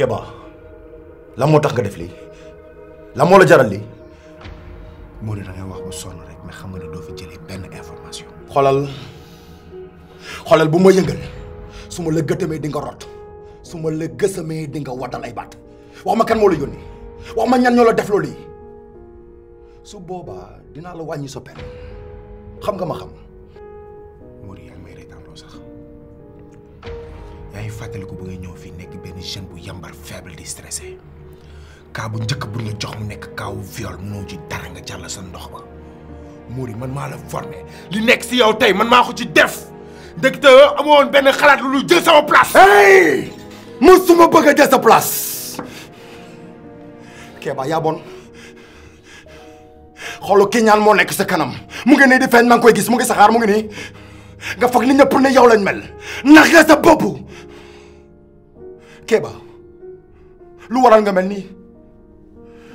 Keba ya lan moo tax nga def li, lan moo la jaral lii moo da ngay wax ba rek mais xam nga do doo fi jëlee benn information. xolal xolal bu ma yëngal su ma la gëtamee di rot su la gësamee di nga waddal ay baat wax ma kan moo la wax ma ñan ñoo def su boba la pen xam nga ma xam. ko bu nga ñëw fi nekk benn jeune bu yambar faible di stressé cas bu njëkk bu ñu jox mu nekk cas wu viol mënoo ci dara nga jàll sa ndox ba Mory man maa la formé li nekk si yow tey man maa ko ci def ndekete amoo woon benn xalaat lu jël sama place. hey suma bëgg a jël sa place. Kéba yaa bon xolu ki ñaan moo nekk sa kanam mu ngi nii di feeñ maa ngi koy gis mu ngi saxaar mu ngi nii nga foog ni ñëpp ne yow lañ mel nax nga sa bopp. Kéba lu waral nga melni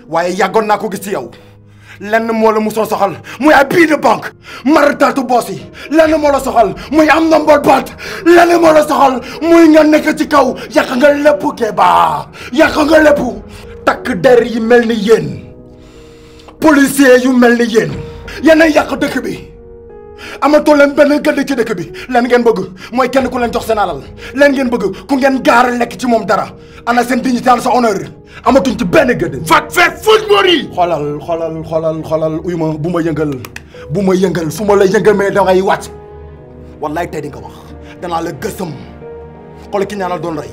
waye yagon nako gis ci yow lenn mo la musoon soxal muy a bi de banque marataatu tu bossi lenn mo la soxal muy am nombol bat lenn mo la soxal muy nga nek ci kaw yak nga lépp Kéba yak nga lépp tak der yi melni yen policier yu melni yen yéen yak a dëkk bi. amatoo leen benn gëdd ci dëkk bi leen ngeen bëgg mooy kenn ku leen jox seen alal leen ngeen bëgg ku ngeen gaaral nekk ci moom dara ana seen dignité sa honneur amatuñ ci benn gëdd. fat fekk fuñ mor yi. xoolal xoolal xoolal xoolal bu ma yëngal bu ma yëngal fu ma la yëngal mais dangay wàcc wallaay tey di nga wax danaa la gësam xool ki ñaanal doon rey.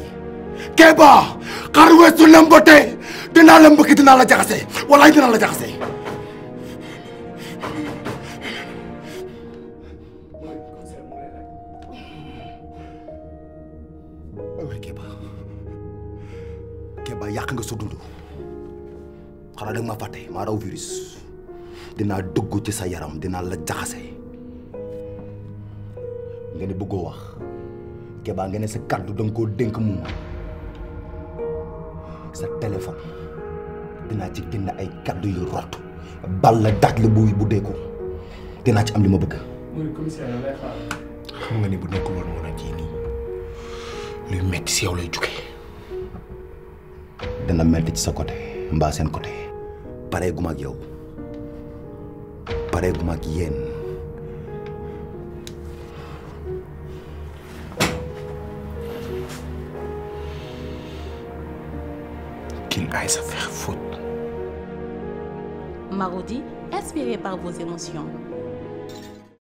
Kéba xar weesu la mbote dinaa la mbëkk dinaa la jaxase wallaay dinaa la jaxase. jàppale Keba. Keba yakin nga sa Karena dengan danga ma virus Dina dugu ci sa yaram dinaa la jaxase nga ne bëggoo wax Kéba nga ne sa kàddu danga koo dénk moom sa telefon. Dina ci génn ay kàddu yu rot bal la daaj la buy bu dee ko dinaa ci am lima ma bëgg. commissaire lay xaar. xam nga ni bu luy metti si yow lay jugee. dana metti ci sa côté mbaa seen côté pareeguma ak yow pareeguma ak yéen. qu'il aille se faire foutre. Marodi, inspiré par vos émotions.